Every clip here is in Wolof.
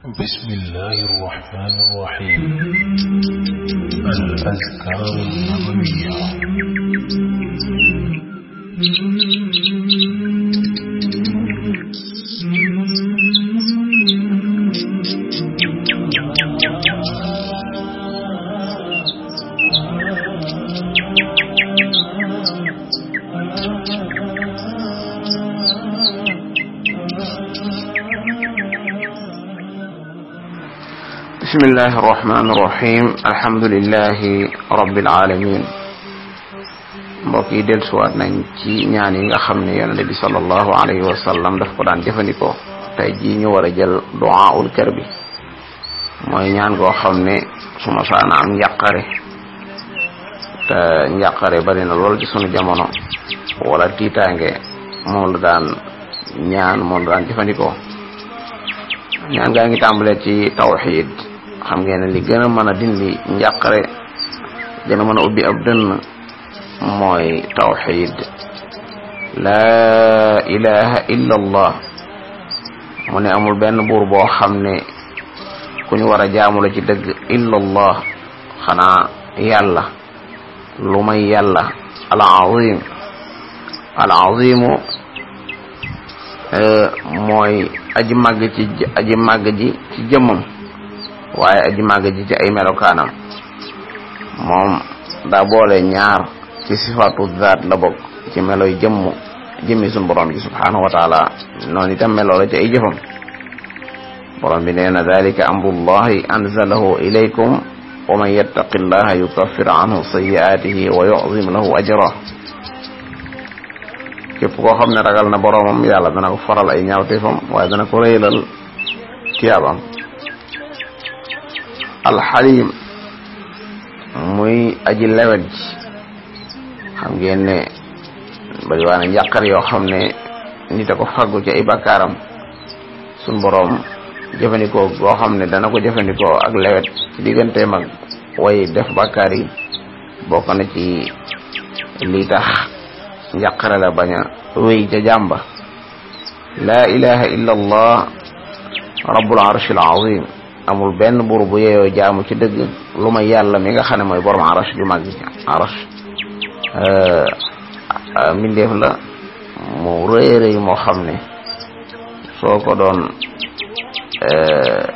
بسم الله الرحمن الرحيم الأذكار النبوية بسم الله الرحمن الرحيم الحمد لله رب العالمين mbokk yi dellusiwaat nañ ci ñaan yi nga xam ne yonent bi sallallahu alayhi wa sallam daf ko daan jëfandikoo tey jii ñu war a jël du'aul karbi mooy ñaan goo xam ne su ma saana am njàqare te njàqare bari na lool ci sunu jamono wala tiitaange moom la daan ñaan mool la daan jëfandikoo ñaan gaa ngi tàmbalee ci tawxiid xam ngeen ne li gën a mën a dindi njàqare gën a mën a ubbi ab dënn mooy tawxid laa ilaha illa mu ne amul benn buur boo xam ne ku ñu war a jaamu la ci dëgg illa xanaa yàlla lu may yàlla al azim al azimu euh, mooy aji màgg ci aji màgg ci jëmmam waaye aji màgg ji ci ay melokaanam moom daa boole ñaar ci sifaatu zaat la bokk ci meloy jëmm jëmmi suñu borom ji subhaanahu wa taala ay jëfam borom bi nee na dalika amrullahi anzalahu ilaykum wa koo xam ne ragal na boromam yàlla dana ko faral ay alxalim muy aji lewet ji xam ngeen bari waa na yoo xam ne nit a ko faggu ci ay bakkaaram sun boroom jëfandikoo boo xam ne dana ko jëfandikoo ak lewet ci digganteem ak way def bakkaar yi bokk na ci lii tax njàqare la bañ a ca jàmba la ilaha illa allah rabbul arshil azim amul benn buur bu yeeyoo jaamu ci dëgg lu ma yàlla mi nga xam ne mooy borom arash ju màgg arash euh, euh, mbindeef la mu rëy rëy moo xam ne soo ko doon euh,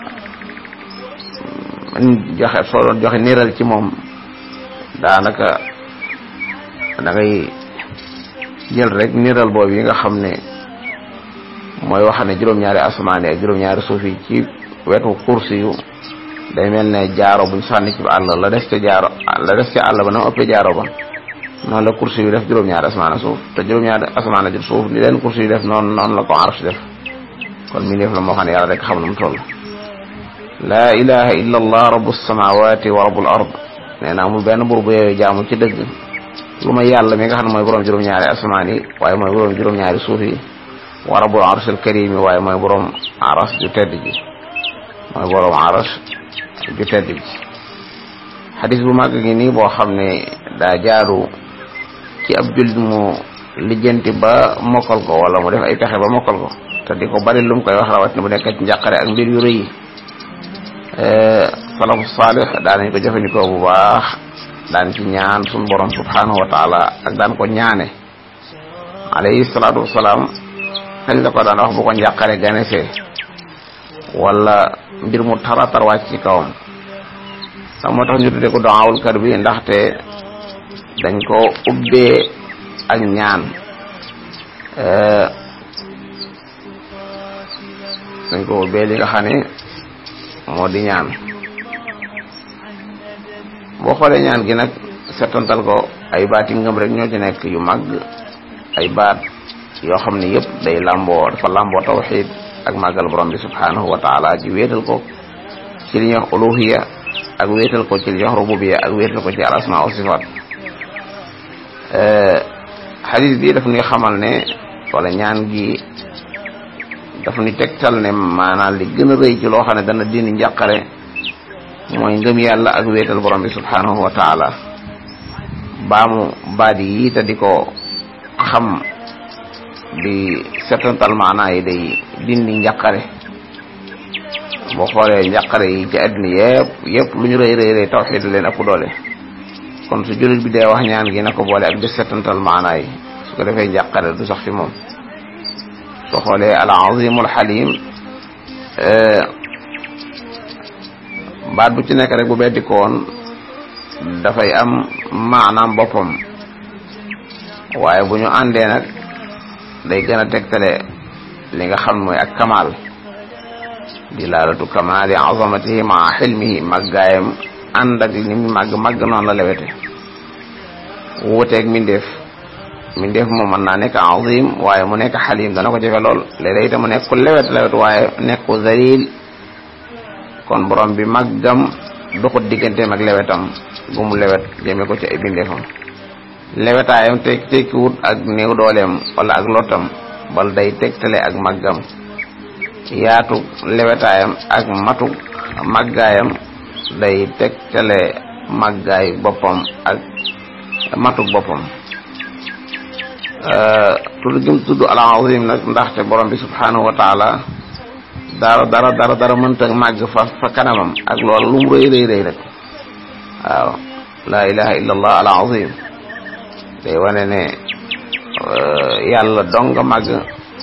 joxe soo niral ci moom daanaka da jël rek niral boobu yi nga xam ne mooy wax ne juróom-ñaari asmaan ak juróom-ñaari suuf ci wetu kursi yu day mel ne jaaro buñ sànni ci àll la def ca jaaro la def ca àll ba na mu ëppee jaaro ba noonu la kursi yu def juróom-ñaari asmaana suuf te juróom-ñaari asmaana jur suuf ni leen kursi def noonu noonu la ko arsh def kon mi def la moo xam ne rek xam na mu toll laa ilaha illa allah rabu samawati wa rabul ard nee na amul benn buur bu yeewee jaamu ci dëgg lu may yàlla mi nga xam ne mooy boroom juróom-ñaari asmaan yi waaye mooy boroom juróom-ñaari suuf yi wa rabul arshil karim yi waaye mooy boroom aras ju tedd ji mooy borom aras ju tedd bi bu màgg gi nii boo xam ne daa jaaru ci ab jullit mu lijjanti ba mokkal ko wala mu def ay pexe ba mokkal ko te ko bari lum koy wax rawat ne bu nekk ci njàqare ak mbir yu rëy eh, salafu saalix jëfandikoo bu baax daan ci ñaan sun borom subhanahu wa ak daan ko ñaane alayhi salaatu wasalaam dañ la daan wax bu ko njàqare ganesee wala mbir mu tara tar wàcc ci kawam sax moo tax ñu ko doxawul kër bi ndaxte dañ ko ubbee ak ñaan eh, dañ ko ubbee li nga xam moo di ñaan boo xoolee ñaan gi nag setantal ko ay baati ngëm rek ñoo ci nekk yu mag ay baat yoo xam ne yëpp day làmboo dafa làmboo tawxiid ak màggal borom bi subhanahu wa taala ci wéetal ko ci li ñuy wax ak wéetal ko ci li ñuy wax rububiya ak wéetal ko ci al asma wa sifat euh, xadis bi daf ñuy xamal ne wala ñaan gi daf ñu tegtal ne maanaam li gën a rëy ci loo xam ne dana dindi njàqare mooy ngëm yàlla ak wéetal borom bi subhanahu wa taala baamu baadi yi di ko xam di setantal maanaa yi day dindi njàqare boo xoolee njàqare yi ci àddina yëpp yëpp lu ñu rëy rëy rëy tawxiid a ëpp doole kon su jullit bi dee wax ñaan gi na ko boole ak di setantal maanaa yi su ko defee njàqare du sax fi moom soo xoolee al azimul xalim eh, baat bu ci nekk rek bu beddi ko dafay am maanaam boppam waaye bu ñu àndee nag day gën a tegtale li nga xam mooy ak kamaal dilaalatu kamaali azamatihi maa xilmihi màggaayam ànd ak ni mu màgg màgg noonu la lewete wuuteeg mindeef mindeef moom mën naa nekk azim waaye mu nekk xalim dana ko jafe lool léeg-léeg itam mu nekk ku lewet lewet waaye nekk ku zalil kon borom bi màggam doxut digganteem ak lewetam gu mu lewet jëme ko ci ay bindeefam lewetaayam te tekkiwut ak néew wala ak lottam bal day tegtale ak màggam yaatu lewetaayam ak matu màggaayam day tegtale màggaay boppam ak matu boppam euh, tudd gim tudd al-azim nag ndaxte borom bi subhanahu wa taala dara dara dara dara fa kanamam ak loolu lu mu rëy rëy rek waaw la ilaha illa al-azim day wane ne eh, yàlla donga màgg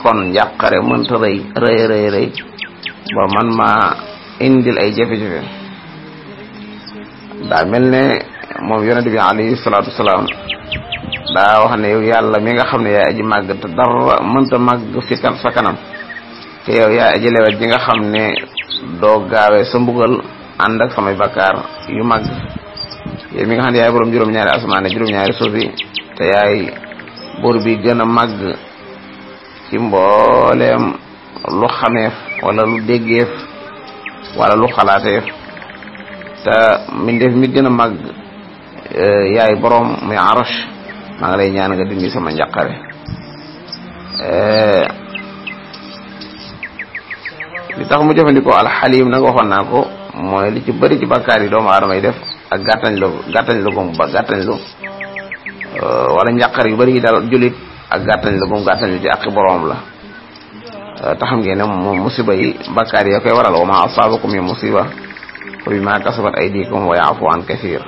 kon njàqare mënta rëy rëy rëy ba man ma indil ay jafe-jafe daa mel ne moom yonent bi alayhi salaatu wasalaam daa wax ne yàlla mi nga xam ne yaay aji màgg te dara mënta màgg fi kanam te yow aji lewet ji nga xam ne doo gaawee sa mbugal ànd ak samay bakkaar yu màgg yow mi nga xam ne yaay borom juróom-ñaari asamaan juróom-ñaari suuf te yaay buur bi gën a màgg ci mbooleem lu xameef wala lu déggeef wala lu xalaateef te mbindeef mi gën a màgg e, yaay borom muy arash maa ngi lay ñaan nga dindi sama njaqare e, tax mu jëfandikoo alxalim nag waxoon naa ko mooy li ci bëri ci bàkkaar yi doomu aadama yi def ak gàttañ lu gàttañ lu gum ba gàttañ lu euh, wala njàqar yu bari daal jullit a gàttañ lu gum gàttañ lu ci àqi la euh, te ngeen ne moom musiba yi bakkaar yi koy waral wa ma asaabakum min musiba fa bimaa kasabat aydikum wa yaafu an kasiir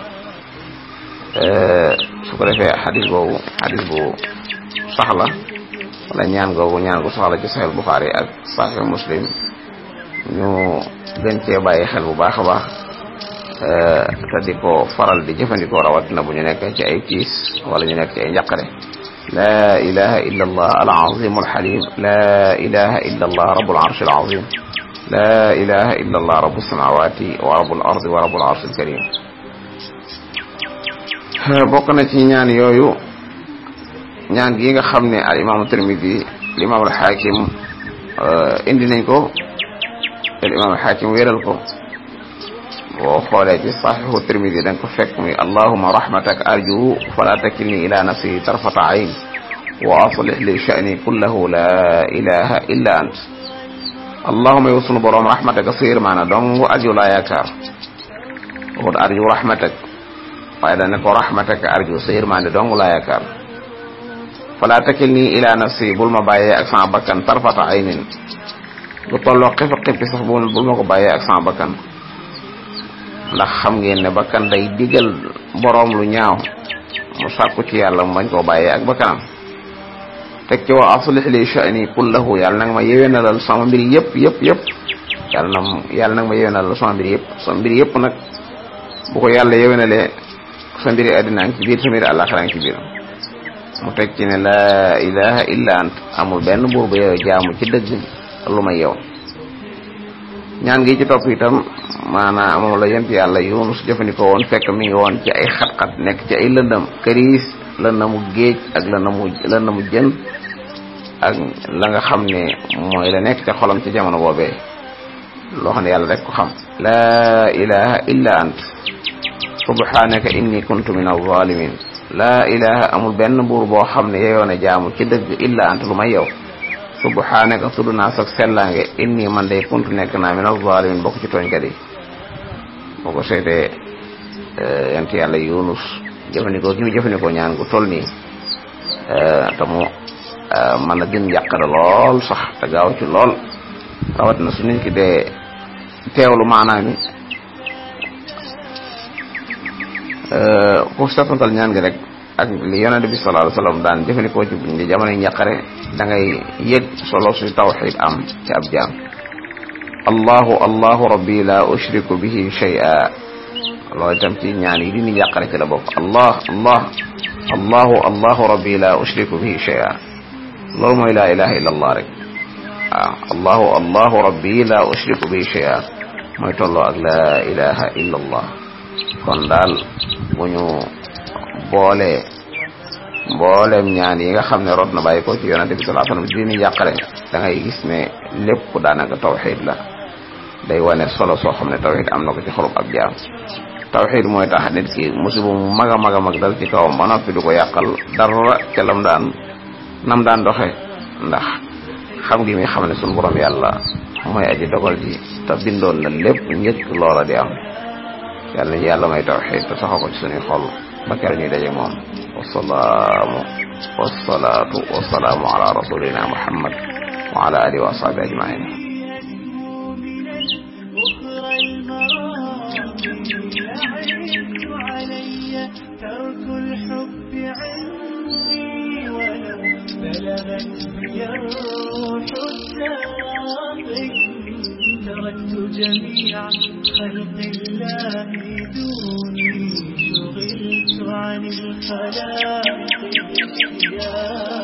euh, su ko defee xadis boobu xadis bu sax la wala ñaan googu ñaan gu sax la ci Sahih Bukhari ak Sahih Muslim ñu gën cee bàyyi xel bu baax a baax Eh, te di ko faral di jëfandikoo rawatina bu ñu nekk ci ay tiis wala ñu nekk ci ay njaqare la ilaha illa allah al azim al halim la ilaha illa allah rabbul arsh al azim la ilaha illa allah rabbus samawati wa rabbul ardi wa rabbul arsh al karim eh, bokk na ci ñaan yooyu ñaan gi nga xam ne al imam Tirmidi al imam al hakim eh, indi nañ ko al imam al hakim wéeral ko boo xoolee ci saxiixu tirmidi da nga ko fekk muy allahuma rahmataka arju fala takilni ila nafsi tarfata ayn wa aslih li sha'ni kullahu la ilaha illa ant allahuma yow sunu boroom rahmataka sa yërmaana dong arju laa yaakaar wut arju rahmatak waaye dana ko rahmataka arju sa yërmaane dong laa yaakaar fala takilni ila nafsi bul ma bàyyee ak sama bakkan tarfata aynin lu tolloo xifa xifi sax bul ma ko bàyyee ak sama bakkan ndax xam ngeen ne bakkan day digal boroom lu ñaaw mu sàkku ci yàlla mu bañ koo bàyyee ak bakkanam teg ci wa aslih li sha'ni kullahu yàlla nag ma yewenalal sama mbir yëpp yëpp yëpp yàlla na yàlla ma yewenalal sama mbir yëpp sama mbir yëpp nag bu ko yàlla yewenalee sa mbiri addinaa ngi ci biir sa mbiri àllaxira ngi ci mu teg ci ne laa ilaha illa ant amul benn buur bu jaamu ci dëgg lu may yow ñaan gi ci topp itam maanaam moom la yent yàlla Yunus jëfandikoo woon fekk mi ngi woon ci ay xat-xat nekk ci ay lëndam këriis lëndamu géej ak lëndamu lëndamu jën ak la nga xam ne mooy la nekk ci xolam ci jamono boobee loo xam yàlla rek ko xam laa ilaha illa ant nekk inni kuntu min alzalimin laa ilaha amul benn buur boo xam ne yeyoon a jaamu ci dëgg illa ant lu may yow subhaanaka tudd naa sag sellange inni man day kuntu nekk naa mi az-zalimin bokk ci tooñkat yi boo ko seetee eh, yant yunus jëfandikoo gi mu jëfandikoo ñaan gu toll nii eh, te mu eh, mën a gën njàqare lool sax te gaaw ci lool rawat na su nit ki dee teewlu maanaam mi ku setantal ñaan gi rek ak li yonente bi sallallahu alayhi wasallam daan jëfandikoo ci jamonoy njàqare da ngay yëg solo su tawxid am ci ab jaam allahu allahu rabbi la ushriku bihi shay'a loolu itam ci ñaan yi dini yàqare ci la bokk allah allah allahu allahu rabbi la ushriku bihi shay'a loolu mooy laa ilaha illa allah rek waaw ah, allahu allahu rabbi la ushriku bihi shay'a mooy tolloo ak laa ilaha illa allah kon daal bu ñu boolee mboolem ñaan yi nga xam ne root na bàyyi ko ci yonente bi sallallahu alayhi wasallam diini yàqale da ngay gis ne lépp daanaka tawxid la day wane solo soo xam ne tawxid am na ko ci xolub ab jaam tawxid mooy tax ne ki musiba mu mag a mag a dal ci kawam ba noppi du ko yàqal dara ca lam daan nam daan doxe ndax xam gi mi xam ne suñu borom yàlla mooy aji dogal ji ta bindoon na lépp njëkk loola di am yàlla ñu yàlla may tawxid te saxoo ko ci suñuy xol ba keroog ñuy daje moom wasalaamu wasalaatu wasalaamu ala rasulina muhammad wa ala alihi wa ashabi ajmain تركت جميع خلق الله دون حياتي يا